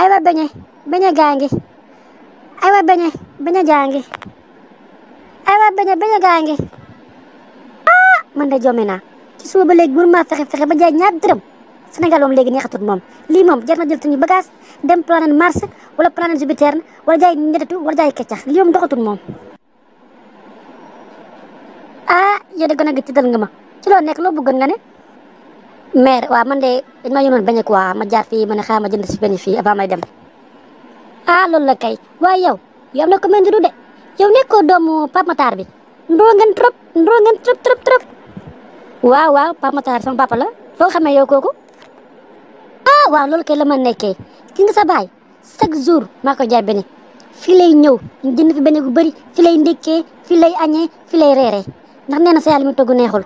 aywa beñe beñe gaangi aywa beñe beñe jaangi aywa beñe beñe gaangi ah man de jommi naa ci suba ba léegi mënu maa fexe fexe ba jaay ñaar dërëm Sénégal moom léegi moom lii moom jar na ti suñu bagage dem planète Mars wala planète Jupiter wala jaay ñetetu wala jaay keccax lii moom doxatul moom. ah yow de gën a gëj ci dal nga ma ci loo nekk loo bëggoon nga ne. mère waa man de dañ maa yónnoon bañ a quoi ma jaar fi ma ne xaaral si benn fii avant dem ah loolu la kay waaye yow yow am na ko mel du de yow nekkoo doomu Pape Matar bi ndóol ngeen trop ndóol ngeen trop trop waaw waaw Pape Matar sama papa la foo yow kooku ah waaw loolu kay la ma nekkee ki nga sa baay chaque jour maa ko jaay benn fii lay ñëw jënd fi benn bu bëri fii lay ndekkee fii lay añee fii lay reeree ndax nee sa yàlla mi togg neexul.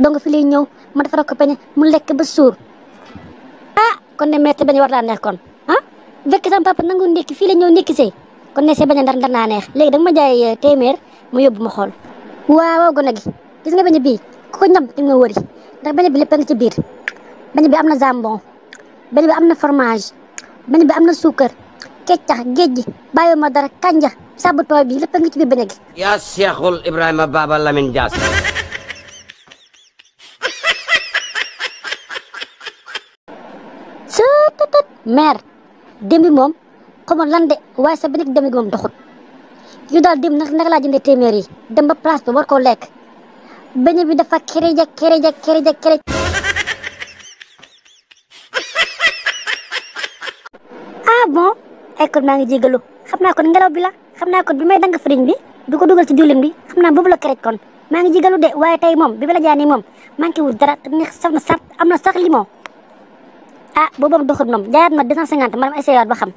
donc fi lay ñëw ma defaral ko peñe mu lekk ba suur ah kon ne metti bañ war laa neex kon ah fekk sama papa nangu ndékki fii la ñëw ndékki see kon ne see bañ a ndar ndar naa neex léegi danga ma jaay eh, téeméer mu yóbbu ma xool waaw waaw gone gi gis nga bañ bi ko ñam di nga wëri ndax bañ bi lépp nga ci biir bañ bi am na jambon bañ bi am na fromage bañ bi am na suukar keccax géej gi bàyyi ma dara kanja saabu tooy bi lépp nga ci biir bañ a gi yaa seexul Ibrahima Baba Lamine Dias maire dem moom xawma lan de waaye sa benn dem bi moom doxut yu daal dem nag naka laa jëndee téeméer yi dem ba place war koo lekk benn bi dafa kere ja kere ja kere ja kere ah bon ay kon maa ngi jégalu xam naa kon ngelaw bi la xam naa kon bi may dang firiñ bi du ko dugal ci diwlin bi xam naa boobu la kon maa ngi jégalu de waaye tey moom bi ma la jaanee moom maa ngi wut dara saf na saf am na sax limon ah boobu moom doxul moom jaayaat ma 250 ma dem essayé waat ba xam.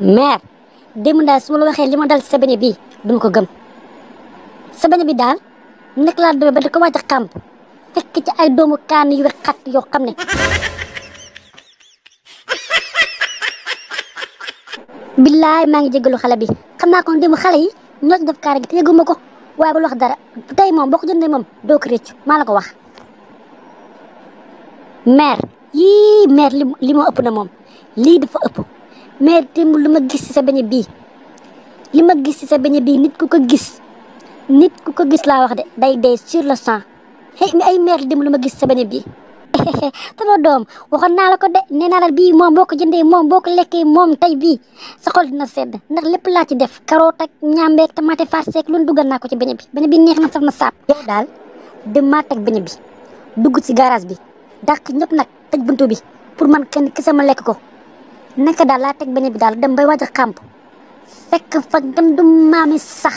mère démb daal su ma la waxee li ma dal sa beñe bii ko gëm sa beñe bi daal nekk laa demee ba di ci ay doomu kaan yu wex xat yoo xam ne. billaay maa ngi jégalu xale bi xam naa ko démb xale yi ñoo ci def kaara gi te yëguma ko waaye bul wax dara tey moom boo ko jëndee moom doo ko rëcc maa la ko wax. maire yii maire li ma ëpp na moom lii dafa ëpp maire démb lu ma gis ci sa beñe bii li ma gis ci sa beñe bii nit ku ko gis nit ku ko gis laa wax de day dee sur le champ xëy mi ay meer démb lu ma gis ci sa beñe bii doom waxoon naa la ko de bii moom boo ko moom boo ko lekkee moom tey bii sa xol dina sedd ndax lépp laa ci def carotte ak ñaambe ak tomate farci ak lu dugal naa ko ci beñe bi beñe bi neex na saf na saab yow daal demaat ak beñe bi dugg ci garage bi dàq ñëpp nag tëj buntu bi pour man kenn kese ma lekk ko naka daal laa teg beñe bi daal dem bay waaj a xàmp fekk fa dem du maami sax.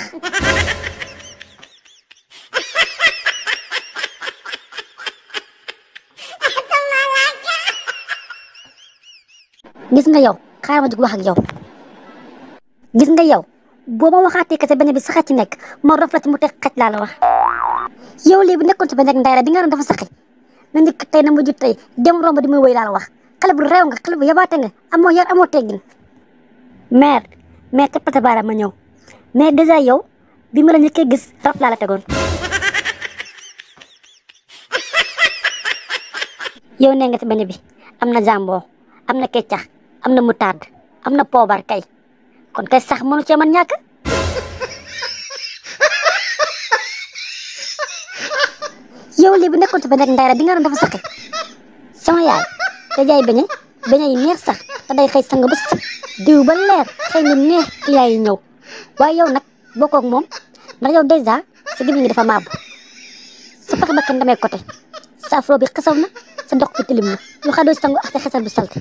gis nga yow xaaral ma jug wax ak yow gis nga yow boo ma waxaatee kese beñe bi sax ci nekk ma rof la ci mu teg xaj laa la wax yow léegi bu nekkoon ci beñe ak ndayra di nga doon dafa saxi na njëkk tey na mujj tey dem romb di muy wéy laal wax xale bu réew nga xale bu yabaate nga amoo yar amoo teggin mère mère kat pata baaraam ma ñëw mais dèjà yow bi ma la njëkkee gis rab laala la tegoon yow nee nga si bañ bi am na jambon am na keccax am na moutarde am na poobar kay kon kay sax mënu cee mën ñàkk nekkul ci benn ndaay bi nga doon dafa saqi sama yaay da jaay beñe beñe yi neex sax te day xëy sang ba sëb diw ba leer xëy na neex client yi ñëw waaye yow nag bokkoog moom ndax yow dèjà sa gémmiñ gi dafa maabu sa pax ba kenn demee côté sa afro bi xasaw na sa dox bi tilim na yu xadoo sangu ak sa xesal bu salte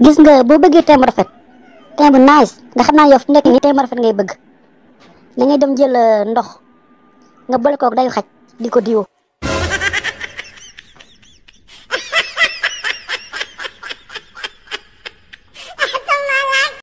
gis nga boo bëggee teem rafet teem bu nice nga xam naa yow fu nekk nii teem rafet ngay bëgg da ngay dem jël euh, ndox nga boole kook dayu xaj di ko diwoo.